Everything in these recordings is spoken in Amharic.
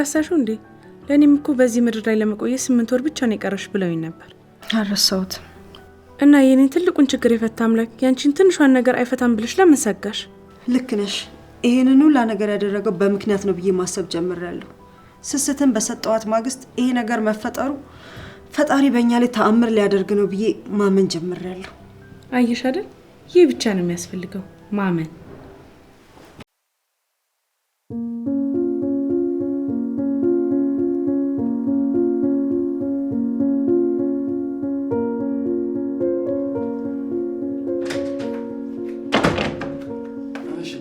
ረሳሽው እንዴ? ለእኔም እኮ በዚህ ምድር ላይ ለመቆየት ስምንት ወር ብቻ ነው የቀረሽ ብለውኝ ነበር። አረሳውት እና የኔ ትልቁን ችግር የፈታ አምላክ ያንቺን ትንሿን ነገር አይፈታም ብለሽ ለምን ሰጋሽ? ልክ ነሽ። ይህንን ሁላ ነገር ያደረገው በምክንያት ነው ብዬ ማሰብ ጀምሬያለሁ። ስስትን በሰጠዋት ማግስት ይሄ ነገር መፈጠሩ ፈጣሪ በእኛ ላይ ተአምር ሊያደርግ ነው ብዬ ማመን ጀምሬያለሁ። አየሽ አይደል? ይህ ብቻ ነው የሚያስፈልገው ማመን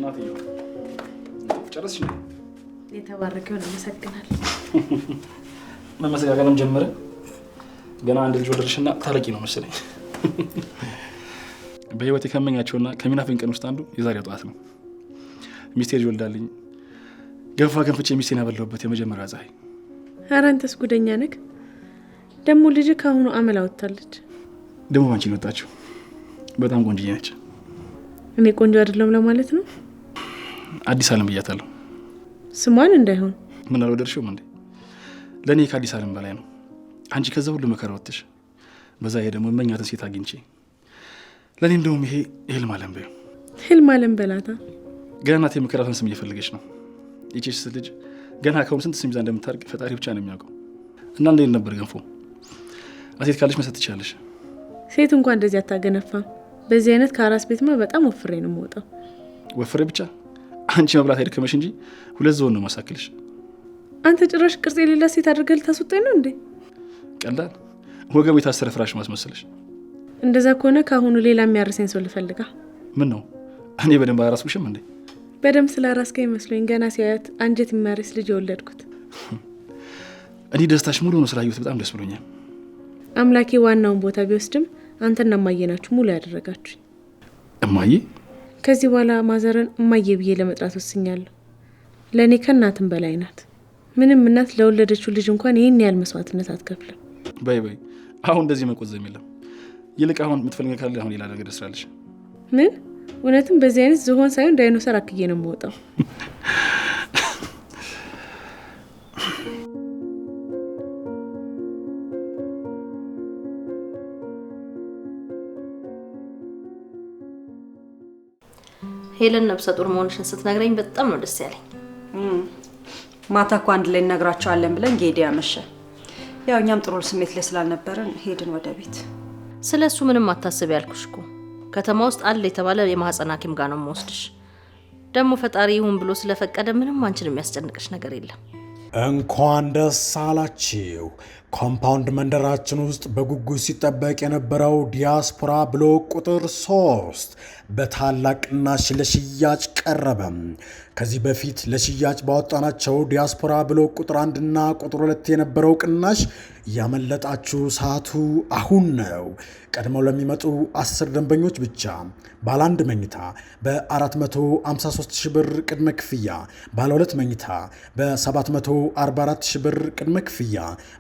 እናትዬው ጨረስሽ? የተባረከውን አመሰግናለሁ። መመሰጋገንም ጀምረ ገና አንድ ልጅ ወለድሽና ታረቂ ነው መሰለኝ። በህይወት የከመኛቸውና ከሚናፍን ቀን ውስጥ አንዱ የዛሬ ጠዋት ነው። ሚስቴ ልጅ ወልዳልኝ ገንፋ ገንፍቼ ሚስቴን ያበላሁበት የመጀመሪያ ፀሐይ። ኧረ አንተስ ጉደኛ ነህ ደግሞ። ልጅ ከአሁኑ አመል አወጥታለች። ደግሞ ባንቺን ወጣችው። በጣም ቆንጅዬ ነች። እኔ ቆንጆ አይደለሁም ለማለት ነው። አዲስ አለም ብያታለሁ። ስሟን እንዳይሆን ምን አልወደድሽውም እንዴ? ለእኔ ከአዲስ አለም በላይ ነው። አንቺ ከዛ ሁሉ መከራ ወጥሽ፣ በዛ ይሄ ደግሞ መኛትን ሴት አግኝቼ ለእኔ እንደውም ይሄ ህልም አለም በይው። ህልም አለም በላታ ገና እናቴ የምከራትን ስም እየፈለገች ነው። ይቺስ ልጅ ገና ከሁን ስንት ስም ይዛ እንደምታርቅ ፈጣሪ ብቻ ነው የሚያውቀው። እና እንዴት ነበር ገንፎ አሴት ካለች መሰት ትችላለሽ። ሴት እንኳን እንደዚህ አታገነፋም። በዚህ አይነት ከአራስ ቤትማ በጣም ወፍሬ ነው የምወጣው። ወፍሬ ብቻ አንቺ መብላት አይደከመሽ እንጂ ሁለት ዘውን ነው ማሳክልሽ። አንተ ጭራሽ ቅርጽ የሌላ ሴት አድርገህ ልታስወጣኝ ነው እንዴ? ቀላል ወገብ የታሰረ ፍራሽ ማስመሰለሽ። እንደዛ ከሆነ ከአሁኑ ሌላ የሚያርሰኝ ሰው ልፈልጋ። ምን ነው እኔ በደንብ አላራስኩሽም እንዴ? በደንብ ስለ አራስከ ይመስለኝ ገና ሲያያት አንጀት የሚያርስ ልጅ የወለድኩት እኔ። ደስታሽ ሙሉ ነው ስላየሁት በጣም ደስ ብሎኛል። አምላኬ ዋናውን ቦታ ቢወስድም አንተና እማዬ ናችሁ ሙሉ ያደረጋችሁኝ። እማዬ ከዚህ በኋላ ማዘርን እማዬ ብዬ ለመጥራት ወስኛለሁ። ለእኔ ከእናትም በላይ ናት። ምንም እናት ለወለደችው ልጅ እንኳን ይህን ያህል መስዋዕትነት አትከፍልም። በይ በይ፣ አሁን እንደዚህ መቆዘም የለም። ይልቅ አሁን የምትፈልገ ካለ አሁን ሌላ ነገር ደስራለች። ምን? እውነትም በዚህ አይነት ዝሆን ሳይሆን ዳይኖሰር አክዬ ነው የምወጣው። ሄለን ነብሰ ጡር መሆንሽን ስትነግረኝ በጣም ነው ደስ ያለኝ። ማታ እኮ አንድ ላይ እነግራቸዋለን ብለን ጌዲ ያመሸ። ያው እኛም ጥሩ ስሜት ላይ ስላልነበርን ሄድን ወደ ቤት። ስለ እሱ ምንም አታስብ ያልኩሽ እኮ ከተማ ውስጥ አለ የተባለ የማህፀን ሐኪም ጋር ነው መወስድሽ። ደግሞ ፈጣሪ ይሁን ብሎ ስለፈቀደ ምንም አንቺን የሚያስጨንቅሽ ነገር የለም። እንኳን ደስ አላችሁ ኮምፓውንድ መንደራችን ውስጥ በጉጉት ሲጠበቅ የነበረው ዲያስፖራ ብሎክ ቁጥር ሶስት በታላቅ ቅናሽ ለሽያጭ ቀረበ። ከዚህ በፊት ለሽያጭ ባወጣናቸው ዲያስፖራ ብሎክ ቁጥር አንድና ቁጥር ሁለት የነበረው ቅናሽ እያመለጣችሁ ሰዓቱ አሁን ነው። ቀድመው ለሚመጡ አስር ደንበኞች ብቻ ባለ አንድ መኝታ በ453 ሺህ ብር ቅድመ ክፍያ፣ ባለ ሁለት መኝታ በ744 ሺ ብር ቅድመ ክፍያ፣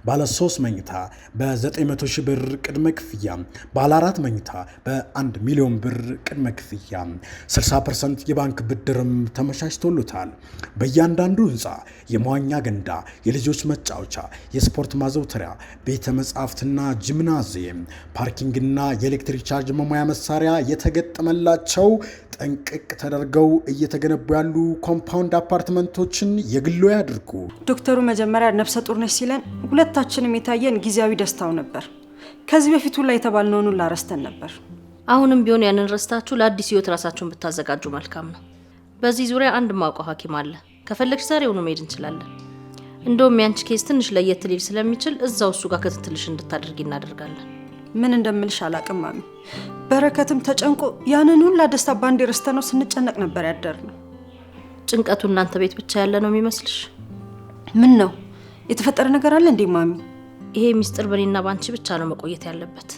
ባለ ባለሶስት መኝታ በ900 ሺህ ብር ቅድመ ክፍያ፣ ባለ አራት መኝታ በ1 ሚሊዮን ብር ቅድመ ክፍያ 60% የባንክ ብድርም ተመቻችቶሎታል። በእያንዳንዱ ህንፃ የመዋኛ ገንዳ፣ የልጆች መጫወቻ፣ የስፖርት ማዘውተሪያ፣ ቤተ መጻሕፍትና ጂምናዚየም፣ ፓርኪንግና የኤሌክትሪክ ቻርጅ መሙያ መሳሪያ የተገጠመላቸው ጠንቅቅ ተደርገው እየተገነቡ ያሉ ኮምፓውንድ አፓርትመንቶችን የግሎ ያድርጉ። ዶክተሩ መጀመሪያ ነፍሰ ጡር ነች ሲለን ሁለታችን ሁላችንም የታየን ጊዜያዊ ደስታው ነበር። ከዚህ በፊት ሁላ የተባልነውን ሁላ ረስተን ነበር። አሁንም ቢሆን ያንን ረስታችሁ ለአዲስ ህይወት ራሳችሁን ብታዘጋጁ መልካም ነው። በዚህ ዙሪያ አንድ ማውቀው ሐኪም አለ። ከፈለግሽ ዛሬውኑ መሄድ እንችላለን። እንደውም ያንቺ ኬስ ትንሽ ለየት ሊል ስለሚችል እዛው እሱ ጋር ክትትልሽ እንድታደርጊ እናደርጋለን። ምን እንደምልሽ አላቅም ማሚ። በረከትም ተጨንቆ ያንን ሁላ ደስታ ረስተ ረስተነው ስንጨነቅ ነበር ነው። ጭንቀቱ እናንተ ቤት ብቻ ያለ ነው የሚመስልሽ? ምን ነው የተፈጠረ ነገር አለ እንዴ ማሚ? ይሄ ሚስጥር በእኔና በአንቺ ብቻ ነው መቆየት ያለበት።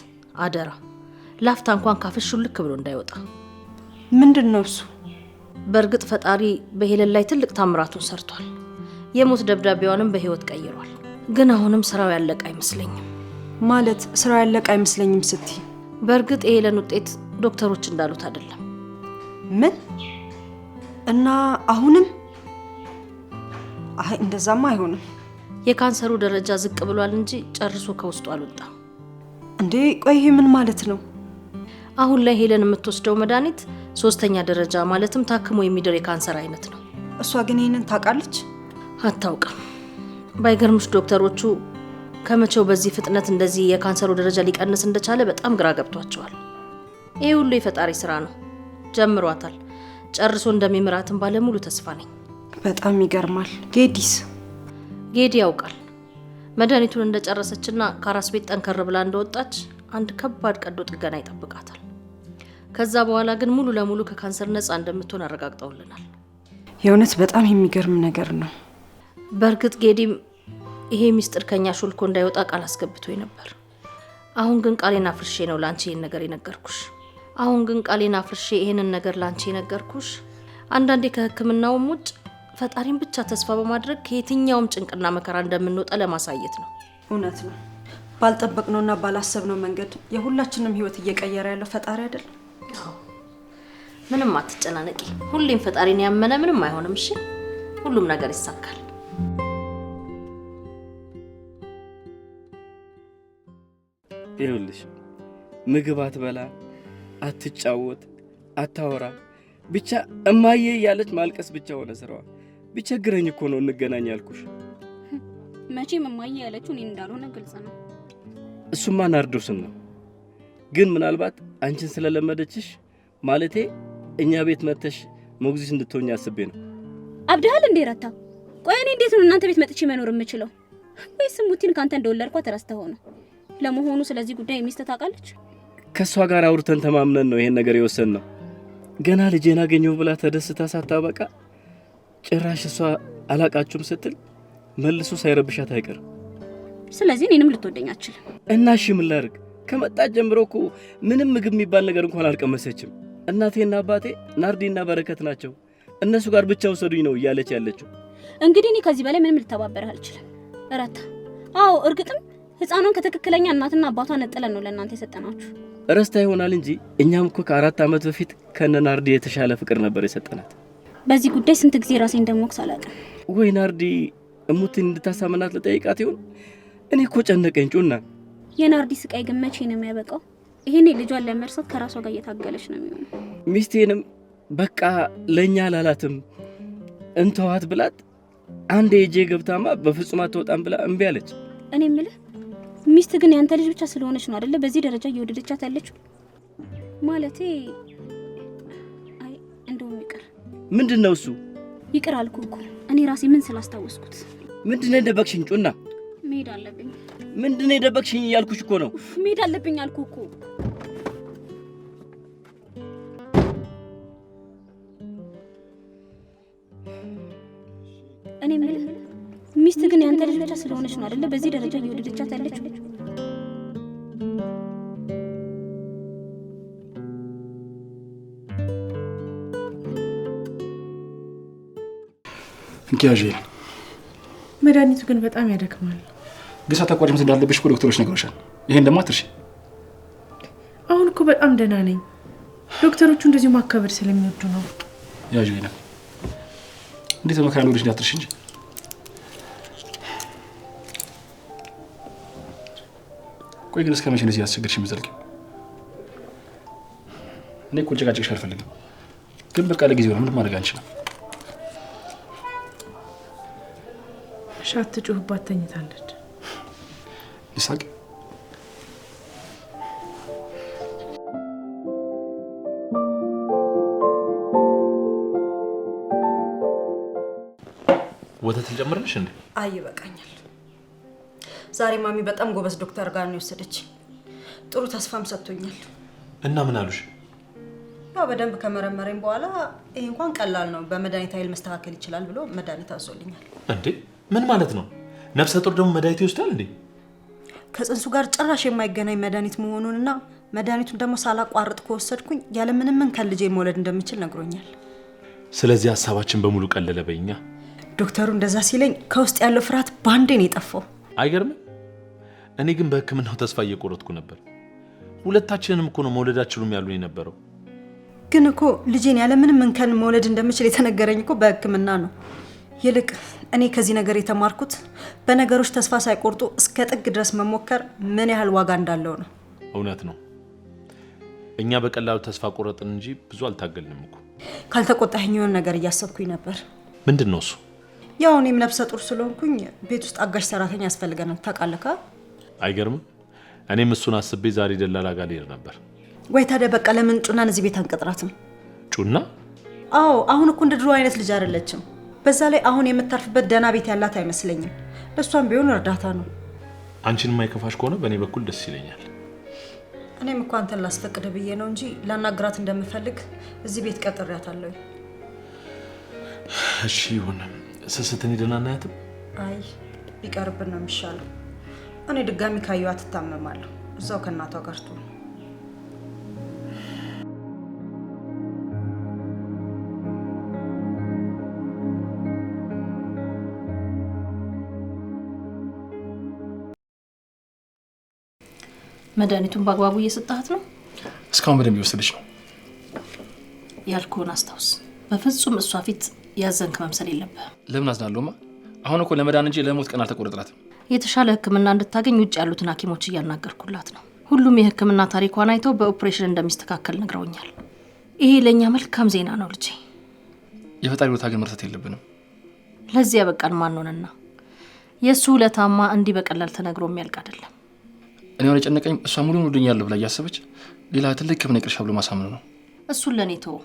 አደራ ላፍታ እንኳን ካፍሽ ልክ ብሎ እንዳይወጣ። ምንድን ነው እሱ? በእርግጥ ፈጣሪ በሄለን ላይ ትልቅ ታምራቱን ሰርቷል። የሞት ደብዳቤዋንም በህይወት ቀይሯል። ግን አሁንም ስራው ያለቀ አይመስለኝም። ማለት ስራው ያለቀ አይመስለኝም ስትይ? በእርግጥ የሄለን ውጤት ዶክተሮች እንዳሉት አይደለም። ምን እና አሁንም? አይ እንደዛማ አይሆንም። የካንሰሩ ደረጃ ዝቅ ብሏል እንጂ ጨርሶ ከውስጡ አልወጣም። እንዴ ቆይ ይሄ ምን ማለት ነው? አሁን ላይ ሄለን የምትወስደው መድኃኒት ሶስተኛ ደረጃ ማለትም ታክሞ የሚድር የካንሰር አይነት ነው። እሷ ግን ይህንን ታውቃለች? አታውቅም። ባይገርምሽ ዶክተሮቹ ከመቼው በዚህ ፍጥነት እንደዚህ የካንሰሩ ደረጃ ሊቀንስ እንደቻለ በጣም ግራ ገብቷቸዋል። ይህ ሁሉ የፈጣሪ ስራ ነው። ጀምሯታል። ጨርሶ እንደሚምራትን ባለሙሉ ተስፋ ነኝ። በጣም ይገርማል ጌዲስ ጌዲ ያውቃል። መድኃኒቱን እንደጨረሰችና ከአራስ ቤት ጠንከር ብላ እንደወጣች አንድ ከባድ ቀዶ ጥገና ይጠብቃታል። ከዛ በኋላ ግን ሙሉ ለሙሉ ከካንሰር ነፃ እንደምትሆን አረጋግጠውልናል። የእውነት በጣም የሚገርም ነገር ነው። በእርግጥ ጌዲም ይሄ ሚስጥር ከኛ ሾልኮ እንዳይወጣ ቃል አስገብቶ ነበር። አሁን ግን ቃሌን አፍርሼ ነው ለአንቺ ይህን ነገር የነገርኩሽ። አሁን ግን ቃሌን አፍርሼ ይህንን ነገር ለአንቺ የነገርኩሽ አንዳንዴ ከሕክምናውም ውጭ ፈጣሪን ብቻ ተስፋ በማድረግ ከየትኛውም ጭንቅና መከራ እንደምንወጣ ለማሳየት ነው። እውነት ነው። ባልጠበቅነውና ባላሰብነው መንገድ የሁላችንም ህይወት እየቀየረ ያለው ፈጣሪ አይደል? ምንም አትጨናነቂ። ሁሌም ፈጣሪን ያመነ ምንም አይሆንም። እሺ፣ ሁሉም ነገር ይሳካል። ይኸውልሽ ምግብ አትበላ፣ አትጫወት፣ አታወራ፣ ብቻ እማዬ እያለች ማልቀስ ብቻ ሆነ ስራዋ። ቢቸግረኝ እኮ ነው እንገናኝ ያልኩሽ። መቼም እማዬ ያለችው እኔን እንዳልሆነ ግልጽ ነው። እሱማ ናርዶስን ነው። ግን ምናልባት አንቺን ስለለመደችሽ ማለቴ እኛ ቤት መጥተሽ ሞግዚት እንድትሆኝ አስቤ ነው። አብድሃል እንዴ ረታ? ቆይ እኔ እንዴት ነው እናንተ ቤት መጥቼ መኖር የምችለው? ወይስ ሙቲን ከአንተ እንደወለድኳት ረስተኸው ነው? ለመሆኑ ስለዚህ ጉዳይ ሚስትህ ታውቃለች? ከእሷ ጋር አውርተን ተማምነን ነው ይሄን ነገር የወሰን ነው። ገና ልጄን አገኘሁ ብላ ተደስታ ሳታበቃ ጭራሽ እሷ አላቃችሁም ስትል መልሶ ሳይረብሻት አይቀርም። ስለዚህ እኔንም ልትወደኝ አችልም። እና እሺ ምን ላድርግ? ከመጣት ጀምሮ እኮ ምንም ምግብ የሚባል ነገር እንኳን አልቀመሰችም። እናቴና አባቴ ናርዲና በረከት ናቸው፣ እነሱ ጋር ብቻ ውሰዱኝ ነው እያለች ያለችው። እንግዲህ እኔ ከዚህ በላይ ምንም ልተባበርህ አልችልም ረታ። አዎ እርግጥም ህፃኗን ከትክክለኛ እናትና አባቷ ነጥለን ነው ለእናንተ የሰጠናችሁ። ረስታ ይሆናል እንጂ እኛም እኮ ከአራት ዓመት በፊት ከነ ናርዲ የተሻለ ፍቅር ነበር የሰጠናት። በዚህ ጉዳይ ስንት ጊዜ ራሴ እንደሞቅስ አላውቅም። ወይ ናርዲ እሙትን እንድታሳምናት ለጠይቃት ይሆን? እኔ እኮ ጨነቀኝ። ጩና የናርዲ ስቃይ ግን መቼ ነው የሚያበቃው? ይሄኔ ልጇን ለመርሳት ከራሷ ጋር እየታገለች ነው የሚሆነው። ሚስቴንም በቃ ለእኛ አላላትም እንተዋት ብላት አንድ የእጄ ገብታማ በፍጹም አትወጣም ብላ እምቢ አለች። እኔ ምልህ ሚስት ግን ያንተ ልጅ ብቻ ስለሆነች ነው አደለ? በዚህ ደረጃ እየወደደቻት ያለችው ማለቴ ምንድን ነው እሱ? ይቅር አልኩ እኮ እኔ ራሴ ምን ስላስታወስኩት። ምንድን ነው የደበቅሽኝ? ጩና መሄድ አለብኝ። ምንድን ነው የደበቅሽኝ እያልኩሽ እኮ ነው። መሄድ አለብኝ አልኩ እኮ። እኔ ምን ሚስት ግን ያንተ ልጅ ብቻ ስለሆነች ነው አይደለ? በዚህ ደረጃ እየወደደቻት ያለችው ያዥ። ይል መድኃኒቱ ግን በጣም ያደክማል። ግሳ ተቋጭ ታቋሪም እንዳለብሽ እኮ ዶክተሮች ነግሮሻል። ይሄን ደግሞ አትርሺ። አሁን እኮ በጣም ደህና ነኝ። ዶክተሮቹ እንደዚሁ ማካበድ ስለሚወዱ ነው። ያዥ ይነ እንዴት በመከራ ወደሽ እንዳትርሽ እንጂ ቆይ ግን እስከ መቼ እንደዚህ ያስቸግርሽ የምትዘልቂው? እኔ እኮ ጭቃጭቅሽ አልፈልግም፣ ግን በቃ ለጊዜው ነው። ምንም ማድረግ አንችልም። ሻት ተኝታለች። ልሳቅ ወተት ልጨምርልሽ እንዴ? አይ ይበቃኛል። ዛሬ ማሚ በጣም ጎበዝ ዶክተር ጋር ነው የወሰደች። ጥሩ ተስፋም ሰጥቶኛል። እና ምን አሉሽ? ያው በደንብ ከመረመረኝ በኋላ ይህ እንኳን ቀላል ነው፣ በመድኃኒት ኃይል መስተካከል ይችላል ብሎ መድኃኒት አዞልኛል። እንዴ ምን ማለት ነው? ነፍሰ ጡር ደግሞ መድኃኒት ይወስዳል እንዴ? ከጽንሱ ጋር ጭራሽ የማይገናኝ መድኃኒት መሆኑንና መድኃኒቱን ደግሞ ሳላቋርጥ ከወሰድኩኝ ያለምንም እንከን ልጄን መውለድ እንደምችል ነግሮኛል። ስለዚህ ሀሳባችን በሙሉ ቀለለ። በኛ ዶክተሩ እንደዛ ሲለኝ ከውስጥ ያለው ፍርሃት በአንዴን የጠፋው አይገርምም። እኔ ግን በህክምናው ተስፋ እየቆረጥኩ ነበር። ሁለታችንንም እኮ ነው መውለድ አችሉም ያሉን የነበረው። ግን እኮ ልጄን ያለምንም እንከን መውለድ እንደምችል የተነገረኝ እኮ በህክምና ነው። ይልቅ እኔ ከዚህ ነገር የተማርኩት በነገሮች ተስፋ ሳይቆርጡ እስከ ጥግ ድረስ መሞከር ምን ያህል ዋጋ እንዳለው ነው። እውነት ነው። እኛ በቀላሉ ተስፋ ቆረጥን እንጂ ብዙ አልታገልንም እኮ። ካልተቆጣኝ የሆነ ነገር እያሰብኩኝ ነበር። ምንድን ነው እሱ? ያው እኔም ነፍሰ ጡር ስለሆንኩኝ ቤት ውስጥ አጋዥ ሰራተኛ ያስፈልገናል። ታውቃለህ። አይገርምም? እኔም እሱን አስቤ ዛሬ ደላላ ጋር ልሄድ ነበር። ወይ ታዲያ በቃ ለምን ጩናን እዚህ ቤት አንቀጥራትም? ጩና? አዎ፣ አሁን እኮ እንደ ድሮ አይነት ልጅ አይደለችም። በዛ ላይ አሁን የምታርፍበት ደህና ቤት ያላት አይመስለኝም። ለእሷም ቢሆን እርዳታ ነው። አንቺን የማይከፋሽ ከሆነ በእኔ በኩል ደስ ይለኛል። እኔም እኮ አንተን ላስፈቅድ ብዬ ነው እንጂ ላናግራት እንደምፈልግ እዚህ ቤት ቀጥሬያታለሁ። እሺ ይሁን። ስስትን ሄደን እናያትም። አይ ቢቀርብን ነው የሚሻለው። እኔ ድጋሚ ካየኋት ትታመማለሁ። እዛው ከእናቷ ጋር ትሆን መድኃኒቱን በአግባቡ እየሰጣት ነው? እስካሁን በደንብ እየወሰደች ነው። ያልኩህን አስታውስ። በፍጹም እሷ ፊት ያዘንክ መምሰል የለብህም። ለምን አዝናለሁማ? አሁን እኮ ለመዳን እንጂ ለሞት ቀን አልተቆረጥላትም። የተሻለ ሕክምና እንድታገኝ ውጭ ያሉትን ሐኪሞች እያናገርኩላት ነው። ሁሉም የሕክምና ታሪኳን አይተው በኦፕሬሽን እንደሚስተካከል ነግረውኛል። ይሄ ለእኛ መልካም ዜና ነው ልጄ። የፈጣሪ ውለታ ግን መርሳት የለብንም። ለዚህ ያበቃን ማን የእሱ ውለታማ እንዲህ በቀላል ተነግሮ የሚያልቅ አይደለም። እኔ ሆነ ጨነቀኝ። እሷ ሙሉ ወደኛለሁ ብላ እያሰበች ሌላ ትልቅ ክብነ ቅርሻ ብሎ ማሳመኑ ነው። እሱን ለእኔ ተወ።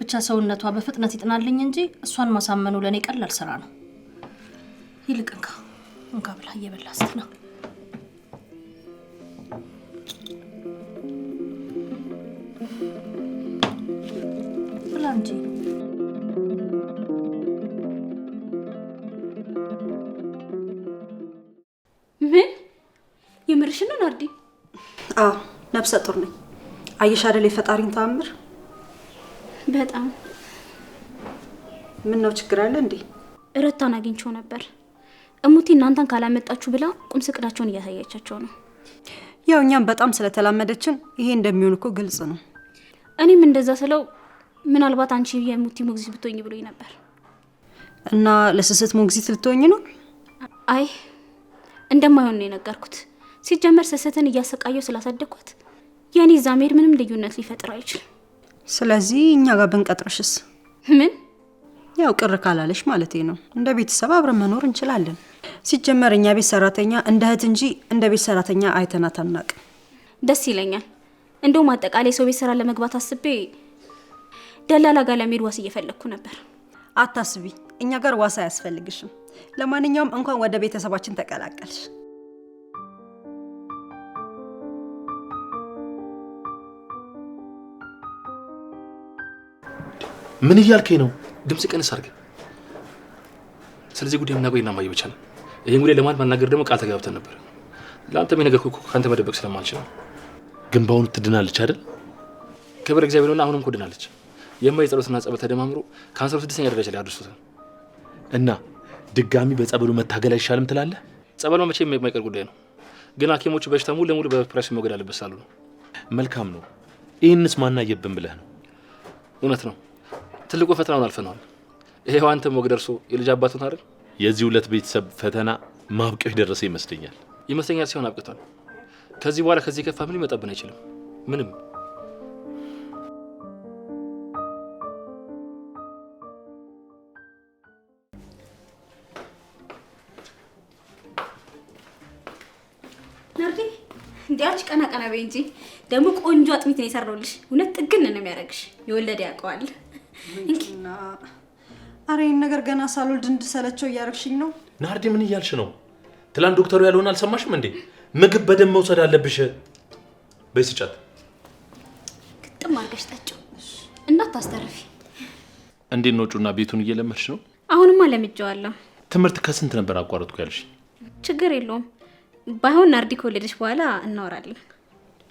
ብቻ ሰውነቷ በፍጥነት ይጥናልኝ እንጂ እሷን ማሳመኑ ለእኔ ቀላል ስራ ነው። ይልቅ እንካ እንካ ብላ እየበላ ስትነው ነፍሰ ጡር ነኝ። አየሽ አይደል የፈጣሪን ተአምር። በጣም ምን ነው ችግር አለ እንዴ? እረታን አግኝቸው ነበር። እሙቲ እናንተን ካላመጣችሁ ብላ ቁም ስቅላቸውን እያሳያቻቸው ነው። ያው እኛም በጣም ስለተላመደችን ይሄ እንደሚሆን እኮ ግልጽ ነው። እኔም እንደዛ ስለው ምናልባት አንቺ የሙቲ ሞግዚት ብትሆኝ ብሎኝ ነበር። እና ለስስት ሞግዚት ልትሆኝ ነው? አይ እንደማይሆን ነው የነገርኩት። ሲጀመር ስስትን እያሰቃየው ስላሳደግኳት የኔ እዛ መሄድ ምንም ልዩነት ሊፈጥር አይችልም። ስለዚህ እኛ ጋር ብንቀጥርሽስ? ምን ያው ቅር ካላለሽ ማለት ነው። እንደ ቤተሰብ አብረን መኖር እንችላለን። ሲጀመር እኛ ቤት ሰራተኛ እንደ እህት እንጂ እንደ ቤት ሰራተኛ አይተናት አናቅም። ደስ ይለኛል። እንደውም አጠቃላይ ሰው ቤት ስራ ለመግባት አስቤ ደላላ ጋር ለመሄድ ዋስ እየፈለግኩ ነበር። አታስቢ፣ እኛ ጋር ዋስ አያስፈልግሽም። ለማንኛውም እንኳን ወደ ቤተሰባችን ተቀላቀልሽ። ምን እያልከኝ ነው? ድምፅ ቀንስ አድርግ። ስለዚህ ጉዳይ የምናውቀው የናማየ ብቻ ነው። ይህን ጉዳይ ለማን ማናገር ደግሞ ቃል ተጋብተን ነበር። ለአንተም የነገርኩህ ከአንተ መደበቅ ስለማልችል ነው። ግን በአሁኑ ትድናለች አይደል? ክብር እግዚአብሔር ሆና አሁንም እኮ ድናለች። የማየ ጸሎትና ጸበል ተደማምሮ ከአንሰሩ ስድስተኛ ደረጃ ላይ አድርሶት እና ድጋሚ በጸበሉ መታገል አይሻልም ትላለህ? ጸበሉ መቼ የማይቀር ጉዳይ ነው፣ ግን ሐኪሞቹ በሽታ ሙሉ ለሙሉ በፕራይስ መወገድ አለበት ስላሉ ነው። መልካም ነው። ይህንስ ማናየብን ብለህ ነው? እውነት ነው። ትልቁ ፈተናውን አልፈነዋል። ይሄው አንተም ወግ ደርሶ የልጅ አባቱን አይደል? የዚህ ሁለት ቤተሰብ ፈተና ማብቂያው የደረሰ ይመስለኛል። ይመስለኛል ሲሆን አብቅቷል። ከዚህ በኋላ ከዚህ የከፋ ምን ሊመጣብን አይችልም። ምንም እንዲያች ቀና ቀና በይ እንጂ ደግሞ ቆንጆ አጥሚት ነው የሰራውልሽ። እውነት ጥግን ነው የሚያደርግሽ። የወለደ ያውቀዋል። አረ ይህን ነገር ገና ሳልወልድ እንድሰለቸው እያደረግሽኝ ነው። ናርዲ ምን እያልሽ ነው? ትላንት ዶክተሩ ያለውን አልሰማሽም እንዴ? ምግብ በደንብ መውሰድ አለብሽ። በይ ስጫት፣ ግጥም አድርገሽ ጠጪው፣ እንዳታስተርፊ። እንዴት ነው ጩና፣ ቤቱን እየለመድሽ ነው? አሁንማ ለምጄዋለሁ። ትምህርት ከስንት ነበር አቋረጥኩ ያልሽ? ችግር የለውም ባይሆን ናርዲ ከወለደች በኋላ እናወራለን።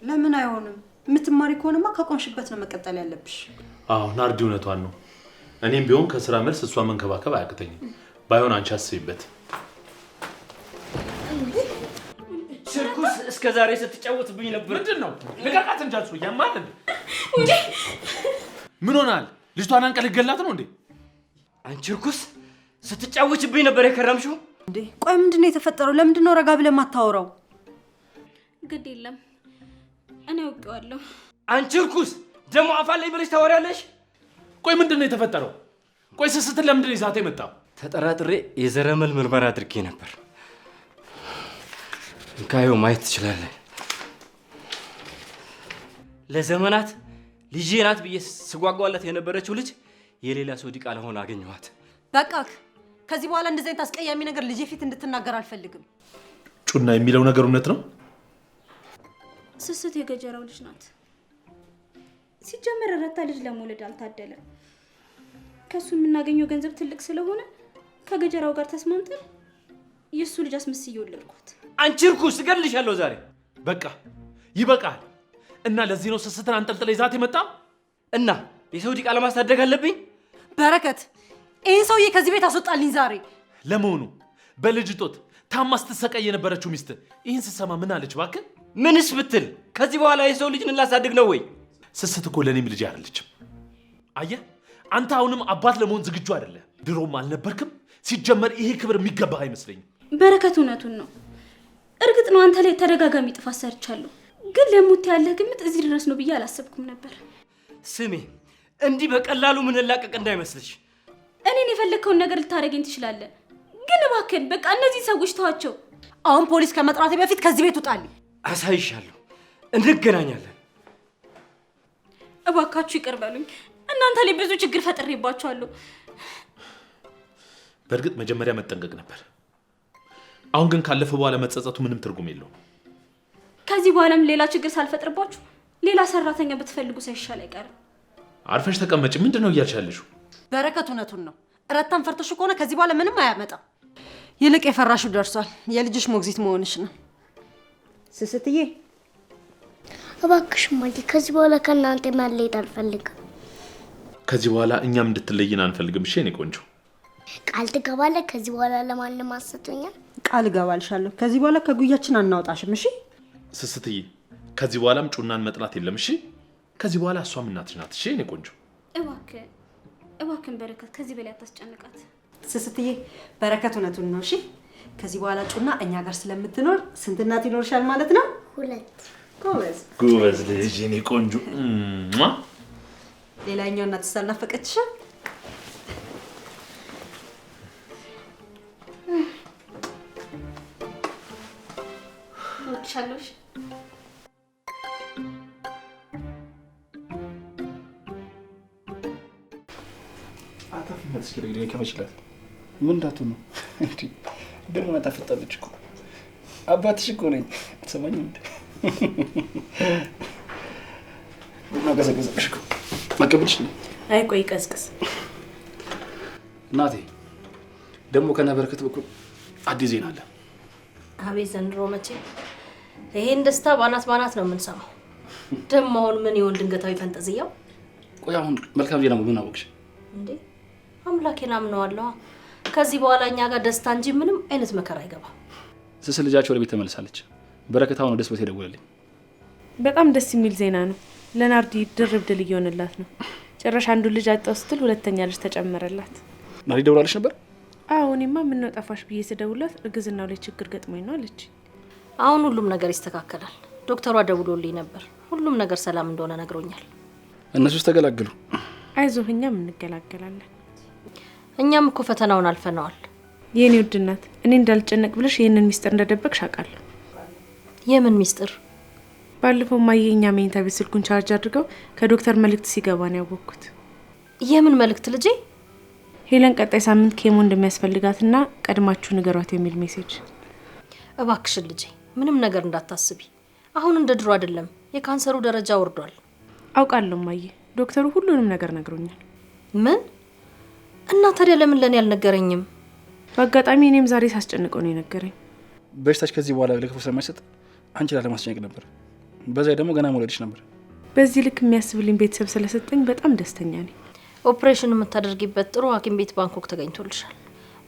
ለምን አይሆንም? የምትማሪ ከሆነማ ከቆምሽበት ነው መቀጠል ያለብሽ። አዎ ናርዲ እውነቷን ነው። እኔም ቢሆን ከስራ መልስ እሷ መንከባከብ አያቅተኝም። ባይሆን አንቺ አስቢበት። ስርኩስ እስከ ዛሬ ስትጫወትብኝ ነበር። ምንድን ነው ልቀቃት እንጂ አንሱ እያማል እንዴ! ምን ሆናል? ልጅቷን አንቀልገላት ነው እንዴ? አንቺ እርኩስ ስትጫወችብኝ ነበር የከረምሽው እንዴ? ቆይ ምንድነው የተፈጠረው? ለምንድን ረጋ ብለህ ማታወራው? ግድ የለም እኔ አውቄዋለሁ። አንቺ እርኩስ ደግሞ አፋ ላይ ብለሽ ታወሪያለሽ። ቆይ ምንድን ነው የተፈጠረው? ቆይ ስስትን ለምንድን ይዛት የመጣው? ተጠራጥሬ የዘረመል ምርመራ አድርጌ ነበር። እንካየው ማየት ትችላለህ። ለዘመናት ልጅ ናት ብዬ ስጓጓላት የነበረችው ልጅ የሌላ ሰው ዲቃ ሆና አገኘኋት። በቃክ። ከዚህ በኋላ እንደዚህ አይነት አስቀያሚ ነገር ልጄ ፊት እንድትናገር አልፈልግም። ጩና የሚለው ነገር እውነት ነው። ስስት የገጀራው ልጅ ናት። ሲጀመር ረታ ልጅ ለመውለድ አልታደለም። ከእሱ የምናገኘው ገንዘብ ትልቅ ስለሆነ ከገጀራው ጋር ተስማምተን የእሱ ልጅ አስመስዬ ወለድኩት። አንቺ እርኩስ እገልሻለሁ ዛሬ። በቃ ይበቃል። እና ለዚህ ነው ስስትን አንጠልጥለ ይዛት የመጣ እና የሰው ዲቃ ለማሳደግ አለብኝ። በረከት ይህን ሰውዬ ከዚህ ቤት አስወጣልኝ ዛሬ። ለመሆኑ በልጅ ጦት ታማ ስትሰቃይ የነበረችው ሚስት ይህን ስትሰማ ምን አለች? እባክህ ምንስ ብትል ከዚህ በኋላ የሰው ልጅ እናሳድግ ነው ወይ ስስት እኮ ለእኔም ልጅ አይደለችም። አየህ አንተ አሁንም አባት ለመሆን ዝግጁ አይደለህ። ድሮም አልነበርክም። ሲጀመር ይሄ ክብር የሚገባህ አይመስለኝም። በረከት እውነቱን ነው። እርግጥ ነው አንተ ላይ ተደጋጋሚ ጥፋት ሰርቻለሁ፣ ግን ለሙት ያለህ ግምት እዚህ ድረስ ነው ብዬ አላሰብኩም ነበር። ስሜ እንዲህ በቀላሉ ምንላቀቅ እንዳይመስልሽ። እኔን የፈለግከውን ነገር ልታደርገኝ ትችላለህ፣ ግን እባክህን በቃ እነዚህ ሰዎች ተዋቸው። አሁን ፖሊስ ከመጥራቴ በፊት ከዚህ ቤት ውጣልኝ። አሳይሻለሁ፣ እንገናኛለን እባካችሁ ይቅር በሉኝ። እናንተ ላይ ብዙ ችግር ፈጥሬባችኋለሁ። በእርግጥ መጀመሪያ መጠንቀቅ ነበር። አሁን ግን ካለፈ በኋላ መጸጸቱ ምንም ትርጉም የለውም። ከዚህ በኋላም ሌላ ችግር ሳልፈጥርባችሁ ሌላ ሰራተኛ ብትፈልጉ ሳይሻል አይቀርም። አርፈሽ ተቀመጭ። ምንድን ነው እያልሽ ያለሽው? በረከት እውነቱን ነው። እረታን ፈርተሽ ከሆነ ከዚህ በኋላ ምንም አያመጣም። ይልቅ የፈራሹ ደርሷል። የልጅሽ ሞግዚት መሆንሽ ነው ስስትዬ እባክሽ ማልቲ፣ ከዚህ በኋላ ከእናንተ መለየት አልፈልግም። ከዚህ በኋላ እኛም እንድትለይን አንፈልግም። እሺ የኔ ቆንጆ ቃል ትገባለህ? ከዚህ በኋላ ለማንም አሰቶኛል። ቃል እገባልሻለሁ። ከዚህ በኋላ ከጉያችን አናወጣሽም። እሺ ስስትዬ፣ ከዚህ በኋላም ጩናን መጥላት የለም። እሺ ከዚህ በኋላ እሷም እናትሽ ናት። እሺ ቆንጆ እባክህ፣ እባክህን በረከት፣ ከዚህ በላይ አታስጨንቃት። ስስትዬ፣ በረከት እውነቱን ነው። እሺ ከዚህ በኋላ ጩና እኛ ጋር ስለምትኖር ስንት እናት ይኖርሻል ማለት ነው? ሁለት ጎበዝ ልጅ፣ የእኔ ቆንጆ። ሌላኛው እናትሽ አልናፈቀችሽም? ከመችላት ምን ዳቱ ነው ደግሞ መጣ። እኮ አባትሽ እኮ ነኝ። አትሰማኝም? ቡና ቀዘቀዘብሽ እኮ አቀብልሽ። አይ ቆይ ቀዝቅዝ። እናቴ ደግሞ ከነበረከት በኩል አዲስ ዜና አለ። አቤት ዘንድሮ መቼ ይሄን ደስታ ባናት ባናት ነው የምንሰማው። ደግሞ አሁን ምን ይሆን ድንገታዊ ፈንጠዝያው? ቆይ አሁን መልካም ዜና ምን አወቅሽ እንዴ? አምላኬን አምነዋለሁ። ከዚህ በኋላ እኛ ጋር ደስታ እንጂ ምንም አይነት መከራ አይገባም። ስስ ልጃቸው ወደ ቤት ተመልሳለች። በረከት አሁን ደስ በት የደወለልኝ በጣም ደስ የሚል ዜና ነው። ለናርዲ ድርብ ድል እየሆንላት ነው። ጭራሽ አንዱ ልጅ አጣው ስትል ሁለተኛ ልጅ ተጨመረላት። ናርዲ ደውላለች ነበር? አዎ እኔማ ምነው ጠፋሽ ብዬ ስደውላት እርግዝናው ላይ ችግር ገጥሞኝ ነው አለች። አሁን ሁሉም ነገር ይስተካከላል። ዶክተሯ ደውሎልኝ ነበር። ሁሉም ነገር ሰላም እንደሆነ ነግሮኛል። እነሱስ ተገላገሉ? አይዞህ፣ እኛም እንገላገላለን። እኛም እኮ ፈተናውን አልፈነዋል። የእኔ ውድ እናት፣ እኔ እንዳልጨነቅ ብለሽ ይህንን ሚስጥር እንደደበቅሽ አውቃለሁ። የምን ሚስጥር? ባለፈው ማየ እኛ መኝታ ቤት ስልኩን ቻርጅ አድርገው ከዶክተር መልእክት ሲገባ ነው ያወቅኩት። የምን መልእክት ልጄ? ሄለን ቀጣይ ሳምንት ኬሞ እንደሚያስፈልጋትና ቀድማችሁ ንገሯት የሚል ሜሴጅ። እባክሽን ልጄ ምንም ነገር እንዳታስቢ። አሁን እንደ ድሮ አይደለም፣ የካንሰሩ ደረጃ ወርዷል። አውቃለሁ ማየ፣ ዶክተሩ ሁሉንም ነገር ነግሮኛል። ምን እና ታዲያ ለምን ለእኔ አልነገረኝም? በአጋጣሚ እኔም ዛሬ ሳስጨንቀው ነው የነገረኝ። በሽታች ከዚህ በኋላ ለክፉ ስለማይሰጥ አንቺ ላለማስጨነቅ ነበር። በዛ ደግሞ ገና መውለድሽ ነበር። በዚህ ልክ የሚያስብልኝ ቤተሰብ ስለሰጠኝ በጣም ደስተኛ ነኝ። ኦፕሬሽን የምታደርጊበት ጥሩ ሐኪም ቤት ባንኮክ ተገኝቶልሻል።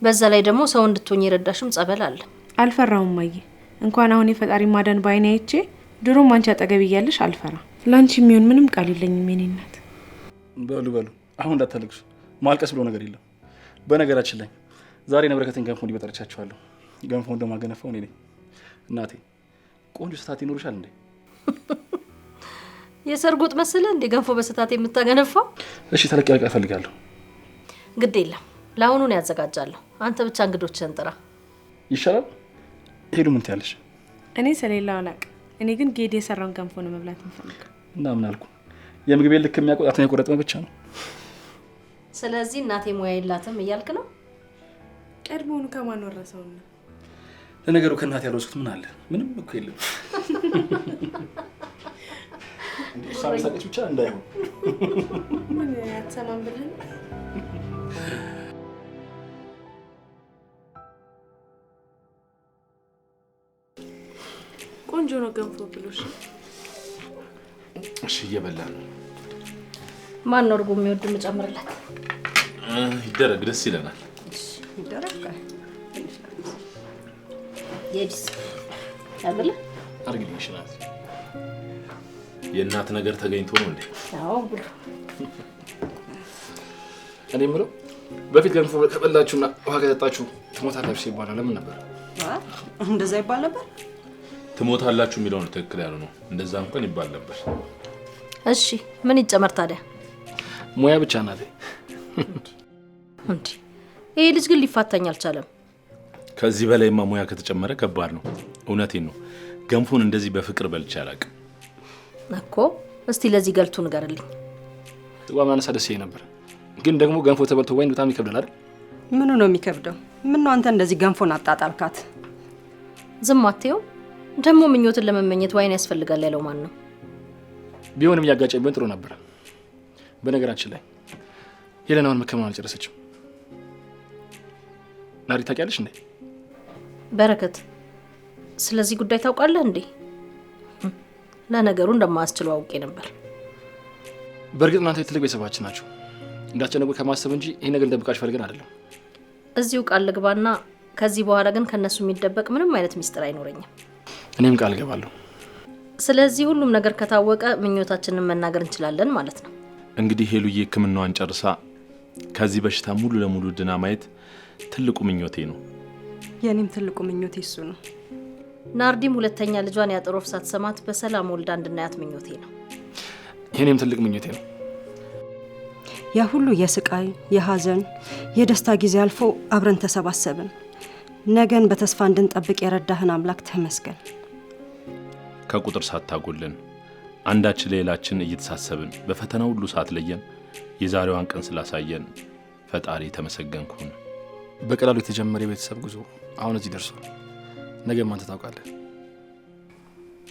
በዛ ላይ ደግሞ ሰው እንድትሆኝ የረዳሽም ጸበል አለ። አልፈራውም ማየ እንኳን አሁን የፈጣሪ ማዳን በአይኔ አይቼ ድሮም አንቺ አጠገብ እያለሽ አልፈራ። ለአንቺ የሚሆን ምንም ቃል የለኝም የኔ እናት። በሉ በሉ አሁን እንዳታለቅሱ። ማልቀስ ብሎ ነገር የለም። በነገራችን ላይ ዛሬ ነብረከትን ገንፎ እንዲበጠርቻችኋለሁ። ገንፎ እንደማገነፈው እኔ ነኝ እናቴ ቆንጆ ስታት ይኖርሻል እንዴ? የሰርጉ ወጥ መሰለ እንዴ ገንፎ በስታት የምታገነፋው? እሺ ተለቅ ያልቅ እፈልጋለሁ። ግድ የለም ለአሁኑ ነው ያዘጋጃለሁ። አንተ ብቻ እንግዶች ጥራ ይሻላል። ሄዱ ምን ትያለሽ? እኔ ስለሌላው አላቅ። እኔ ግን ጌድ የሰራውን ገንፎ ነው መብላት ምፈልግ እና ምን አልኩ የምግቤ ልክ የሚያውቀው ጣቱን የቆረጥመ ብቻ ነው። ስለዚህ እናቴ ሙያ የላትም እያልክ ነው? ቀድሞውኑ ከማን ወረሰውና ለነገሩ ከእናት ያልወስኩት ምን አለ? ምንም እኮ የለም። ሳሳቀች ብቻ እንዳይሆን አትሰማም ብለን ቆንጆ ነው ገንፎ ብሎሽ። እሺ እየበላ ነው። ማን ነው እርጎ የሚወድ የምጨምርለት ይደረግ። ደስ ይለናል። ይደረግ አይደለ? አርግልኝ ሽናት። የእናት ነገር ተገኝቶ ነው እንዴ? አዎ ብሎ እኔ የምለው በፊት ገንፎ ከበላችሁና ውሃ ከጠጣችሁ ትሞታላችሁ ይባላል። ለምን ነበር እንደዛ ይባል ነበር? ትሞታላችሁ የሚለው ነው ትክክል ያሉ ነው። እንደዛ እንኳን ይባል ነበር። እሺ ምን ይጨመር ታዲያ? ሙያ ብቻ ናት። ይሄ ልጅ ግን ሊፋታኝ አልቻለም። ከዚህ በላይማ ሙያ ከተጨመረ ከባድ ነው። እውነቴን ነው። ገንፎን እንደዚህ በፍቅር በልቼ አላውቅም እኮ። እስቲ ለዚህ ገልቱ ንገርልኝ። ጥዋ ማነሳ ደስ ነበር፣ ግን ደግሞ ገንፎ ተበልቶ ወይን በጣም ይከብዳል አይደል? ምኑ ነው የሚከብደው? ምን አንተ እንደዚህ ገንፎን አጣጣልካት? ዝም አትየው። ደግሞ ምኞትን ለመመኘት ዋይን ያስፈልጋል ያለው ማን ነው? ቢሆንም እያጋጨኝ ቢሆን ጥሩ ነበር። በነገራችን ላይ ሄለናውን መከመን አልጨረሰችም። ናሪ ታውቂያለሽ እንዴ? በረከት ስለዚህ ጉዳይ ታውቃለህ እንዴ? ለነገሩ እንደማያስችሉ አውቄ ነበር። በእርግጥ እናንተ የትልቅ ቤተሰባችን ናቸው። እንዳትጨነቁ ከማሰብ እንጂ ይህ ነገር እንደብቃሽ ፈልገን አይደለም። እዚሁ ቃል ልግባና ከዚህ በኋላ ግን ከእነሱ የሚደበቅ ምንም አይነት ሚስጥር አይኖረኝም። እኔም ቃል ገባለሁ። ስለዚህ ሁሉም ነገር ከታወቀ ምኞታችንን መናገር እንችላለን ማለት ነው። እንግዲህ ሄሉዬ ሕክምናዋን ጨርሳ ከዚህ በሽታ ሙሉ ለሙሉ ድና ማየት ትልቁ ምኞቴ ነው። የኔም ትልቁ ምኞቴ እሱ ነው። ናርዲም ሁለተኛ ልጇን ያጠሮፍ ሳትሰማት በሰላም ወልዳ እንድናያት ምኞቴ ነው። የኔም ትልቅ ምኞቴ ነው። ያ ሁሉ የስቃይ የሐዘን የደስታ ጊዜ አልፎ አብረን ተሰባሰብን። ነገን በተስፋ እንድንጠብቅ የረዳህን አምላክ ተመስገን። ከቁጥር ሳታጎልን አንዳችን ሌላችን እየተሳሰብን በፈተና ሁሉ ሳትለየን የዛሬዋን ቀን ስላሳየን ፈጣሪ ተመሰገንኩን። በቀላሉ የተጀመረ የቤተሰብ ጉዞ አሁን እዚህ ደርሷል። ነገ ማንተ ታውቃለህ።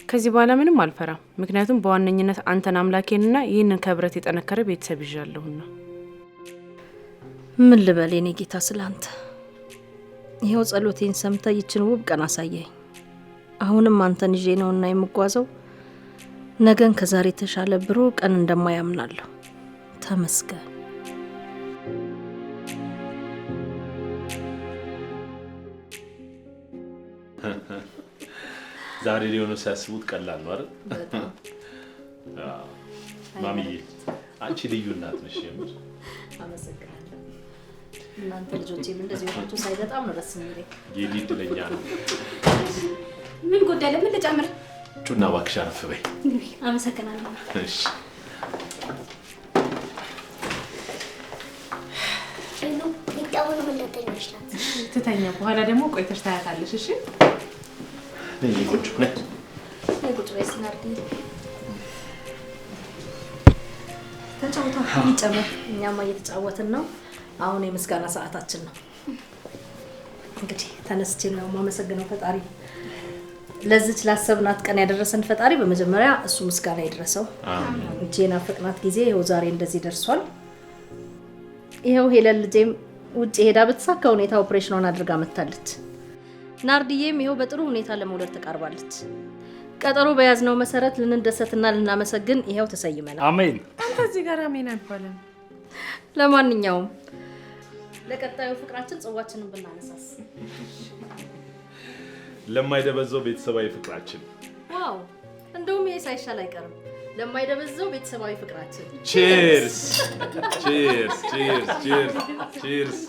ከዚህ በኋላ ምንም አልፈራም፣ ምክንያቱም በዋነኝነት አንተን አምላኬንና ይህንን ከህብረት የጠነከረ ቤተሰብ ይዣለሁና። ምን ልበል የኔ ጌታ ስለ አንተ ይኸው ጸሎቴን ሰምተ ይችን ውብ ቀን አሳየኝ። አሁንም አንተን ይዤ ነውና የምጓዘው ነገን ከዛሬ የተሻለ ብሩህ ቀን እንደማያምናለሁ። ተመስገን። ዛሬ ሊሆነ ሲያስቡት ቀላል ነው አይደል? ማሚዬ አንቺ ልዩ እናት ነሽ። የምር አመሰግናለሁ። እናንተ ልጆቼም እንደዚህ ወጣችሁ ሳይ በጣም ነው ደስ የሚለኝ። እድለኛ ነው። ምን ጉዳይ ለምን ልጨምር? ጩና እባክሽ አረፍ በይ። አመሰግናለሁ። ትተኛ፣ በኋላ ደግሞ ቆይተሽ ታያታለሽ። እሺ ልይ ቁጭ ብለህ ቁጭ ይጨምር። እኛማ እየተጫወትን ነው። አሁን የምስጋና ሰዓታችን ነው። እንግዲህ ተነስቼ ነው የማመሰግነው ፈጣሪ ለዚች ላሰብናት ቀን ያደረሰን ፈጣሪ በመጀመሪያ እሱ ምስጋና የደረሰው እጄ ናፈቅናት ጊዜ ይኸው ዛሬ እንደዚህ ደርሷል። ይኸው ሄለን ልጄም ውጭ ሄዳ በተሳካ ሁኔታ ኦፕሬሽኗን አድርጋ መታለች። ናርድዬም ይኸው በጥሩ ሁኔታ ለመውለድ ተቃርባለች። ቀጠሮ በያዝነው መሰረት ልንደሰትና ልናመሰግን ይኸው ተሰይመናል። አሜን። አንተ እዚህ ጋር አሜን አይባልም። ለማንኛውም ለቀጣዩ ፍቅራችን ጽዋችንን ብናነሳስ ለማይደበዘው ቤተሰባዊ ፍቅራችን። ዋው! እንደውም ይሄ ሳይሻል አይቀርም። ለማይደበዘው ቤተሰባዊ ፍቅራችን። ቺርስ! ቺርስ! ቺርስ! ቺርስ!